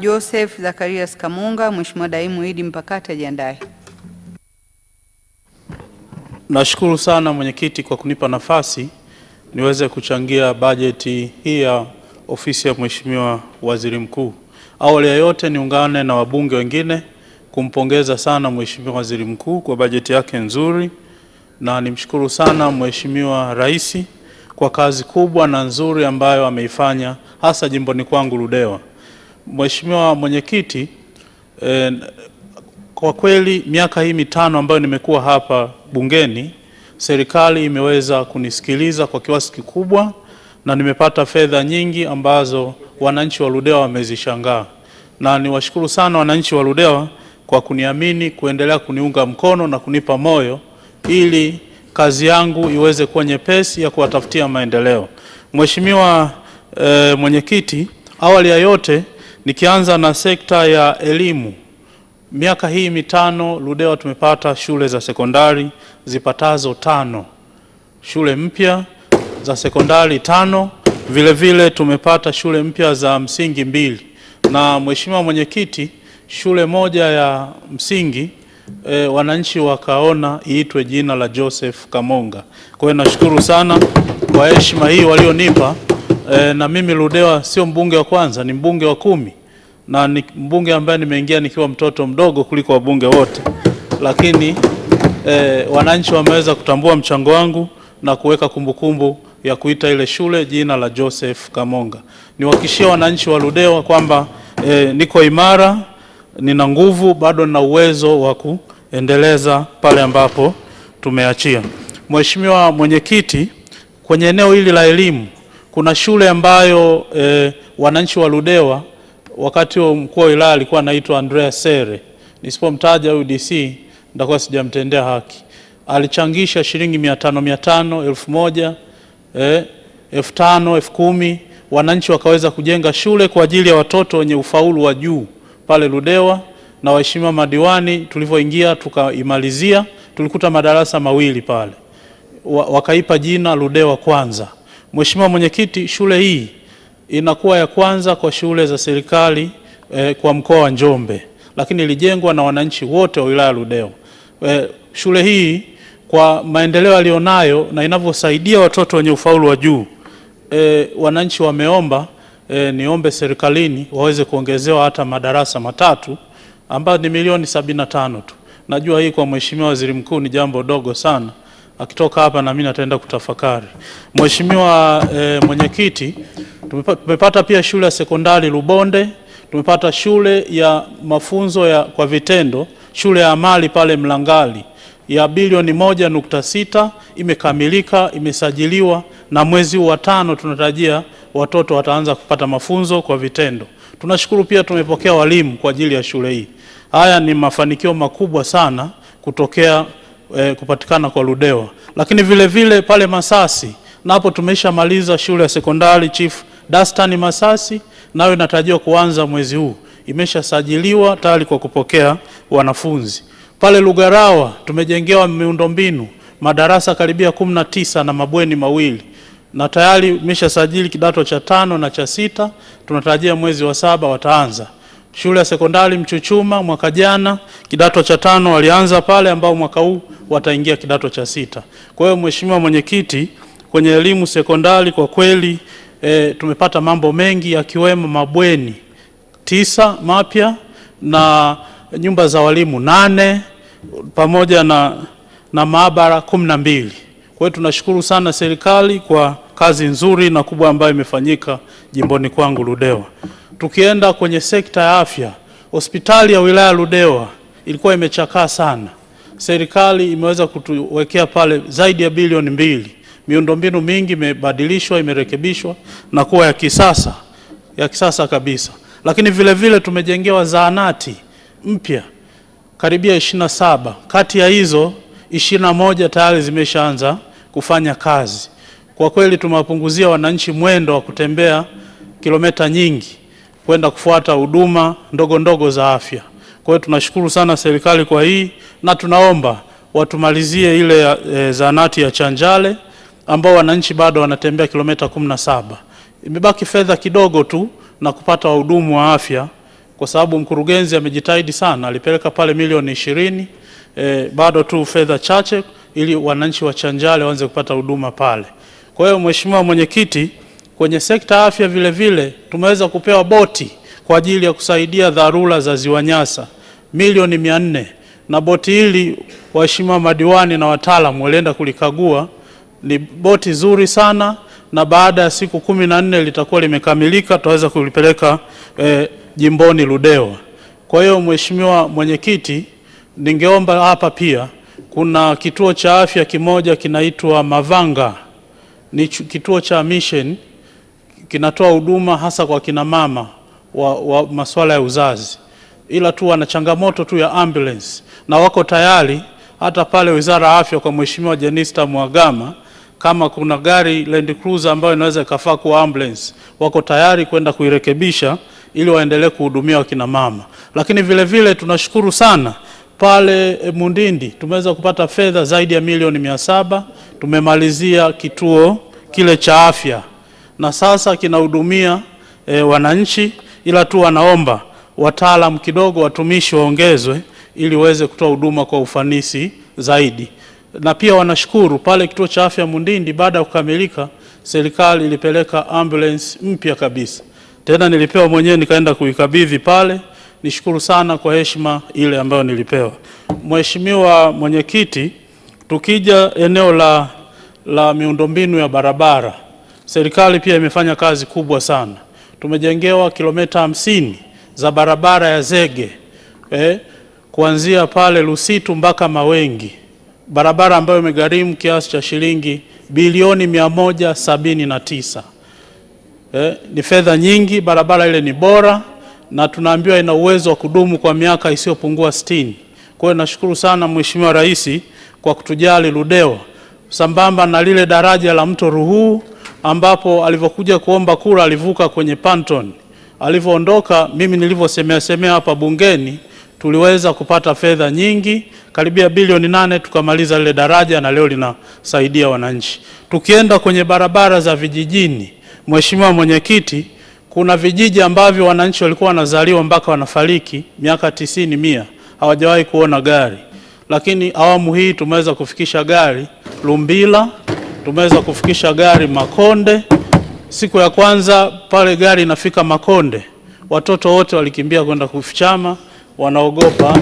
Joseph Zacharias Kamunga. Mheshimiwa Daimu Idi Mpakate ajiandae. Nashukuru sana mwenyekiti kwa kunipa nafasi niweze kuchangia bajeti hii ya ofisi ya Mheshimiwa Waziri Mkuu. Awali ya yote niungane na wabunge wengine kumpongeza sana Mheshimiwa Waziri Mkuu kwa bajeti yake nzuri na nimshukuru sana Mheshimiwa Rais kwa kazi kubwa na nzuri ambayo ameifanya hasa jimboni kwangu Ludewa. Mheshimiwa Mwenyekiti, eh, kwa kweli miaka hii mitano ambayo nimekuwa hapa bungeni, serikali imeweza kunisikiliza kwa kiasi kikubwa na nimepata fedha nyingi ambazo wananchi wa Ludewa wamezishangaa, na niwashukuru sana wananchi wa Ludewa kwa kuniamini, kuendelea kuniunga mkono na kunipa moyo ili kazi yangu iweze kuwa nyepesi ya kuwatafutia maendeleo. Mheshimiwa eh, Mwenyekiti, awali ya yote Nikianza na sekta ya elimu, miaka hii mitano Ludewa tumepata shule za sekondari zipatazo tano, shule mpya za sekondari tano, vile vile tumepata shule mpya za msingi mbili, na Mheshimiwa Mwenyekiti, shule moja ya msingi E, wananchi wakaona iitwe jina la Joseph Kamonga. Kwa hiyo nashukuru sana kwa heshima hii walionipa e, na mimi Ludewa sio mbunge wa kwanza, ni mbunge wa kumi na ni mbunge ambaye nimeingia nikiwa mtoto mdogo kuliko wabunge wote, lakini e, wananchi wameweza kutambua mchango wangu na kuweka kumbukumbu ya kuita ile shule jina la Joseph Kamonga. Niwahakikishie wananchi wa Ludewa kwamba e, niko imara, nina nguvu, bado nina uwezo wa kuendeleza pale ambapo tumeachia. Mheshimiwa Mwenyekiti, kwenye eneo hili la elimu kuna shule ambayo e, wananchi wa Ludewa wakati huo mkuu wa wilaya alikuwa anaitwa Andrea Sere, nisipomtaja huyu DC nitakuwa sijamtendea haki. Alichangisha shilingi mia tano mia tano elfu moja eh, elfu tano elfu kumi wananchi wakaweza kujenga shule kwa ajili ya watoto wenye ufaulu wa juu pale Ludewa, na waheshimiwa madiwani, tulivyoingia tukaimalizia tulikuta madarasa mawili pale, wakaipa jina Ludewa Kwanza. Mheshimiwa Mwenyekiti, shule hii inakuwa ya kwanza kwa shule za serikali eh, kwa mkoa wa Njombe, lakini ilijengwa na wananchi wote wa wilaya Ludewa. Eh, shule hii kwa maendeleo aliyonayo na inavyosaidia watoto wenye ufaulu wa juu eh, wananchi wameomba eh, niombe serikalini waweze kuongezewa hata madarasa matatu ambayo ni milioni sabini na tano tu. Najua hii kwa Mheshimiwa Waziri Mkuu ni jambo dogo sana, akitoka hapa na mimi nataenda kutafakari. Mheshimiwa e, mwenyekiti, tumepata pia shule ya sekondari Lubonde, tumepata shule ya mafunzo ya kwa vitendo, shule ya amali pale Mlangali ya bilioni moja nukta sita imekamilika, imesajiliwa na mwezi wa tano tunatarajia watoto wataanza kupata mafunzo kwa vitendo. Tunashukuru pia tumepokea walimu kwa ajili ya shule hii. Haya ni mafanikio makubwa sana kutokea e, kupatikana kwa Ludewa, lakini vile vile pale Masasi napo tumeshamaliza shule ya sekondari Chief Dastan Masasi, nayo inatarajiwa kuanza mwezi huu, imeshasajiliwa tayari kwa kupokea wanafunzi. Pale Lugarawa tumejengewa miundombinu madarasa karibia kumi na tisa na mabweni mawili na tayari imeshasajili kidato cha tano na cha sita, tunatarajia mwezi wa saba wataanza shule ya sekondari Mchuchuma mwaka jana kidato cha tano walianza pale, ambao mwaka huu wataingia kidato cha sita. Kwa hiyo Mheshimiwa Mwenyekiti, kwenye elimu sekondari kwa kweli e, tumepata mambo mengi yakiwemo mabweni tisa mapya na nyumba za walimu nane pamoja na, na maabara kumi na mbili. Kwa hiyo tunashukuru sana serikali kwa kazi nzuri na kubwa ambayo imefanyika jimboni kwangu Ludewa. Tukienda kwenye sekta ya afya, hospitali ya wilaya Ludewa ilikuwa imechakaa sana. Serikali imeweza kutuwekea pale zaidi ya bilioni mbili. Miundombinu mingi imebadilishwa, imerekebishwa na kuwa ya kisasa, ya kisasa kabisa. Lakini vile vile tumejengewa zahanati mpya karibia ishirini na saba. Kati ya hizo ishirini na moja tayari zimeshaanza kufanya kazi. Kwa kweli tumewapunguzia wananchi mwendo wa kutembea kilomita nyingi kwenda kufuata huduma ndogo ndogo za afya. Kwa hiyo tunashukuru sana serikali kwa hii na tunaomba watumalizie ile e, zahanati ya Chanjale ambao wananchi bado wanatembea kilomita kumi na saba. Imebaki fedha kidogo tu na kupata wahudumu wa afya, kwa sababu mkurugenzi amejitahidi sana, alipeleka pale milioni ishirini. E, bado tu fedha chache ili wananchi wa Chanjale waanze kupata huduma pale. Kwa hiyo Mheshimiwa Mwenyekiti Kwenye sekta afya vile vile tumeweza kupewa boti kwa ajili ya kusaidia dharura za Ziwa Nyasa milioni mia nne, na boti hili waheshimiwa madiwani na wataalamu walienda kulikagua. Ni boti zuri sana, na baada ya siku kumi na nne litakuwa limekamilika, tutaweza kulipeleka e, jimboni Ludewa. Kwa hiyo Mheshimiwa Mwenyekiti, ningeomba hapa pia kuna kituo cha afya kimoja kinaitwa Mavanga, ni kituo cha mishen kinatoa huduma hasa kwa kina mama wa, wa masuala ya uzazi, ila tu wana changamoto tu ya ambulance, na wako tayari hata pale Wizara ya Afya kwa Mheshimiwa Jenista Mhagama, kama kuna gari Land Cruiser ambayo inaweza ikafaa kuwa ambulance, wako tayari kwenda kuirekebisha ili waendelee kuhudumia wakina mama. Lakini vile vile tunashukuru sana pale eh, Mundindi tumeweza kupata fedha zaidi ya milioni mia saba tumemalizia kituo kile cha afya na sasa kinahudumia e, wananchi, ila tu wanaomba wataalamu kidogo, watumishi waongezwe ili waweze kutoa huduma kwa ufanisi zaidi. Na pia wanashukuru pale kituo cha afya Mundindi, baada ya kukamilika, serikali ilipeleka ambulance mpya kabisa, tena nilipewa mwenyewe nikaenda kuikabidhi pale. Nishukuru sana kwa heshima ile ambayo nilipewa. Mheshimiwa Mwenyekiti, tukija eneo la, la miundombinu ya barabara Serikali pia imefanya kazi kubwa sana, tumejengewa kilomita hamsini za barabara ya zege eh, kuanzia pale Lusitu mpaka Mawengi, barabara ambayo imegharimu kiasi cha shilingi bilioni mia moja sabini na tisa. Eh, ni fedha nyingi. Barabara ile ni bora na tunaambiwa ina uwezo wa kudumu kwa miaka isiyopungua sitini. Kwa hiyo nashukuru sana Mheshimiwa Rais kwa kutujali Ludewa, sambamba na lile daraja la mto Ruhuu ambapo alivyokuja kuomba kura alivuka kwenye panton. Alivyoondoka, mimi nilivyosemea semea hapa bungeni, tuliweza kupata fedha nyingi karibia bilioni nane tukamaliza lile daraja, na leo linasaidia wananchi. Tukienda kwenye barabara za vijijini, Mheshimiwa Mwenyekiti, kuna vijiji ambavyo wananchi walikuwa wanazaliwa mpaka wanafariki miaka tisini mia hawajawahi kuona gari, lakini awamu hii tumeweza kufikisha gari Lumbila tumeweza kufikisha gari Makonde. Siku ya kwanza pale gari inafika Makonde, watoto wote walikimbia kwenda kufichama, wanaogopa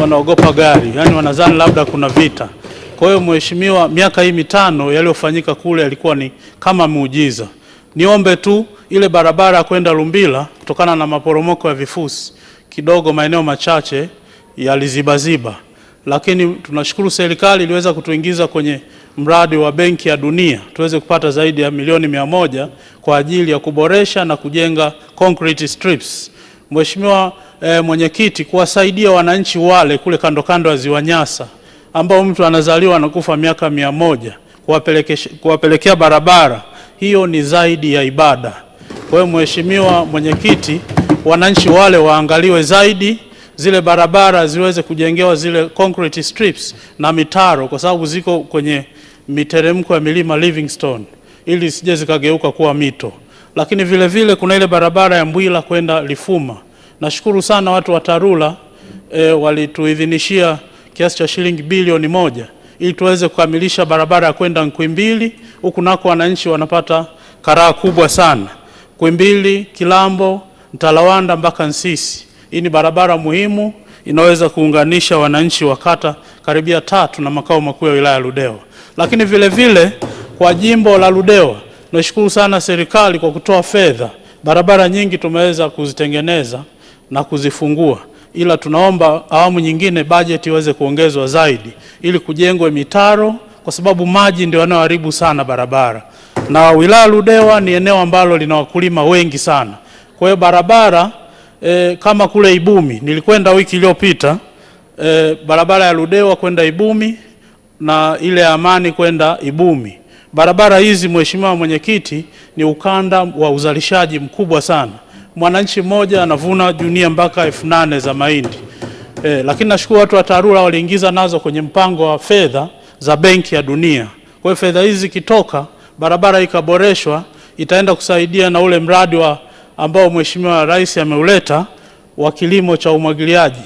wanaogopa gari, yani wanadhani labda kuna vita. Kwa hiyo mheshimiwa, miaka hii mitano yaliyofanyika kule yalikuwa ni kama muujiza. Niombe tu ile barabara kwenda Lumbila, kutokana na maporomoko ya vifusi, kidogo maeneo machache yalizibaziba, lakini tunashukuru serikali iliweza kutuingiza kwenye mradi wa Benki ya Dunia tuweze kupata zaidi ya milioni mia moja kwa ajili ya kuboresha na kujenga concrete strips. Mheshimiwa e, mwenyekiti, kuwasaidia wananchi wale kule kando kando ya Ziwa Nyasa ambao mtu anazaliwa na kufa miaka mia moja, kuwapelekea barabara hiyo ni zaidi ya ibada. Kwa hiyo Mheshimiwa mwenyekiti, wananchi wale waangaliwe zaidi zile barabara ziweze kujengewa zile concrete strips na mitaro, kwa sababu ziko kwenye miteremko ya milima Livingstone, ili sije zikageuka kuwa mito. Lakini vile vile kuna ile barabara ya Mbwila kwenda Lifuma. Nashukuru sana watu wa Tarura e, walituidhinishia kiasi cha shilingi bilioni moja ili tuweze kukamilisha barabara ya kwenda Nkwimbili. Huku nako wananchi wanapata karaha kubwa sana, Kwimbili, Kilambo, Ntalawanda mpaka Nsisi. Hii ni barabara muhimu inaweza kuunganisha wananchi wa kata karibia tatu na makao makuu ya wilaya ya Ludewa. Lakini vile vile kwa jimbo la Ludewa, nashukuru sana serikali kwa kutoa fedha. Barabara nyingi tumeweza kuzitengeneza na kuzifungua, ila tunaomba awamu nyingine bajeti iweze kuongezwa zaidi ili kujengwe mitaro, kwa sababu maji ndio yanayoharibu sana barabara, na wilaya Ludewa ni eneo ambalo lina wakulima wengi sana, kwa hiyo barabara e, kama kule Ibumi nilikwenda wiki iliyopita e, barabara ya Ludewa kwenda Ibumi na ile ya Amani kwenda Ibumi. Barabara hizi Mheshimiwa Mwenyekiti, ni ukanda wa uzalishaji mkubwa sana. Mwananchi mmoja anavuna junia mpaka elfu nane za mahindi e, lakini nashukuru watu wa TARURA waliingiza nazo kwenye mpango wa fedha za Benki ya Dunia. Kwa hiyo fedha hizi zikitoka, barabara ikaboreshwa, itaenda kusaidia na ule mradi wa ambao Mheshimiwa Rais ameuleta wa kilimo cha umwagiliaji.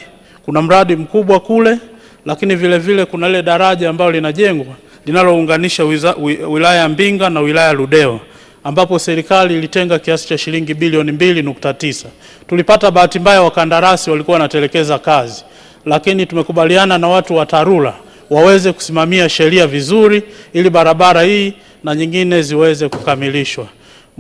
Kuna mradi mkubwa kule, lakini vile vile kuna ile daraja ambalo linajengwa linalounganisha wilaya Mbinga na wilaya Ludewa ambapo serikali ilitenga kiasi cha shilingi bilioni mbili nukta tisa. Tulipata bahati mbaya, wakandarasi walikuwa wanatelekeza kazi, lakini tumekubaliana na watu wa TARURA waweze kusimamia sheria vizuri ili barabara hii na nyingine ziweze kukamilishwa.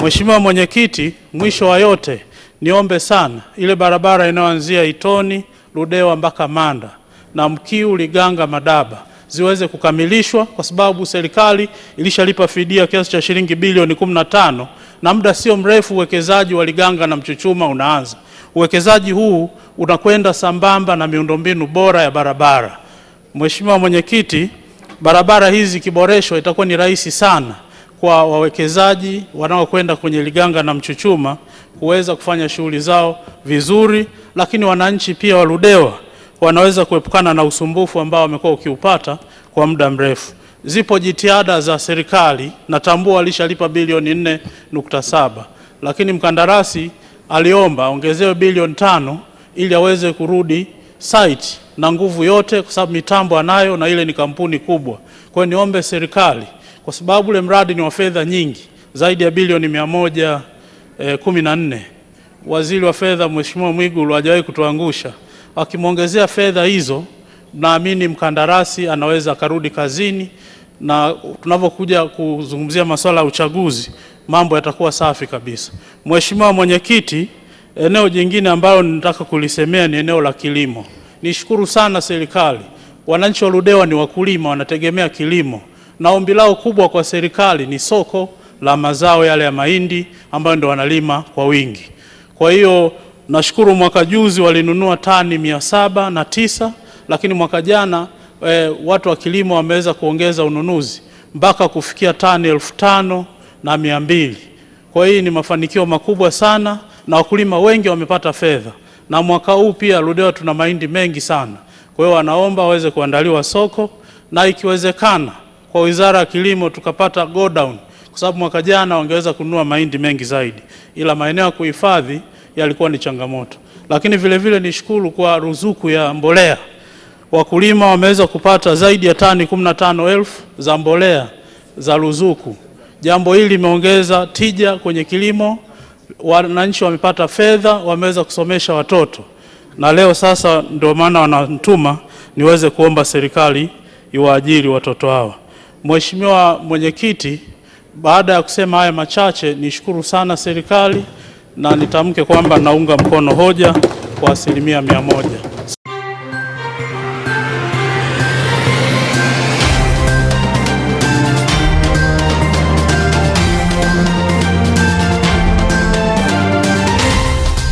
Mheshimiwa Mwenyekiti, mwisho wa yote niombe sana ile barabara inayoanzia Itoni Ludewa mpaka Manda na Mkiu Liganga Madaba ziweze kukamilishwa kwa sababu serikali ilishalipa fidia kiasi cha shilingi bilioni 15 na muda sio mrefu uwekezaji wa Liganga na Mchuchuma unaanza. Uwekezaji huu unakwenda sambamba na miundombinu bora ya barabara. Mheshimiwa Mwenyekiti, barabara hizi ikiboreshwa itakuwa ni rahisi sana kwa wawekezaji wanaokwenda kwenye Liganga na Mchuchuma kuweza kufanya shughuli zao vizuri, lakini wananchi pia wa Ludewa wanaweza kuepukana na usumbufu ambao wamekuwa ukiupata kwa muda mrefu. Zipo jitihada za serikali, natambua alishalipa bilioni 4.7 lakini mkandarasi aliomba ongezewe bilioni tano ili aweze kurudi site na nguvu yote, kwa sababu mitambo anayo na ile ni kampuni kubwa. Kwa hiyo niombe serikali kwa sababu ule mradi ni wa fedha nyingi zaidi ya bilioni mia moja eh, kumi na nne. Waziri wa Fedha Mheshimiwa Mwigulu hajawahi kutuangusha. Akimwongezea fedha hizo, naamini mkandarasi anaweza akarudi kazini, na tunapokuja kuzungumzia masuala ya uchaguzi mambo yatakuwa safi kabisa. Mheshimiwa Mwenyekiti, eneo jingine ambalo nataka kulisemea ni eneo la kilimo. Nishukuru sana serikali. Wananchi wa Ludewa ni wakulima, wanategemea kilimo na ombi lao kubwa kwa serikali ni soko la mazao yale ya mahindi ambayo ndo wanalima kwa wingi. Kwa hiyo nashukuru mwaka juzi walinunua tani mia saba na tisa lakini mwaka jana e, watu wa kilimo wameweza kuongeza ununuzi mpaka kufikia tani elfu tano na mia mbili. Kwa hiyo ni mafanikio makubwa sana na wakulima wengi wamepata fedha, na mwaka huu pia Ludewa tuna mahindi mengi sana. Kwa hiyo wanaomba waweze kuandaliwa soko na ikiwezekana kwa Wizara ya Kilimo tukapata go down, kwa sababu mwaka jana wangeweza kununua mahindi mengi zaidi, ila maeneo ya kuhifadhi yalikuwa ni changamoto. Lakini vilevile nishukuru kwa ruzuku ya mbolea, wakulima wameweza kupata zaidi ya tani 15,000 za mbolea za ruzuku. Jambo hili limeongeza tija kwenye kilimo, wananchi wamepata fedha, wameweza kusomesha watoto, na leo sasa ndio maana wanatuma niweze kuomba serikali iwaajiri watoto hawa. Mheshimiwa Mwenyekiti, baada ya kusema haya machache, nishukuru sana serikali na nitamke kwamba naunga mkono hoja kwa asilimia mia moja.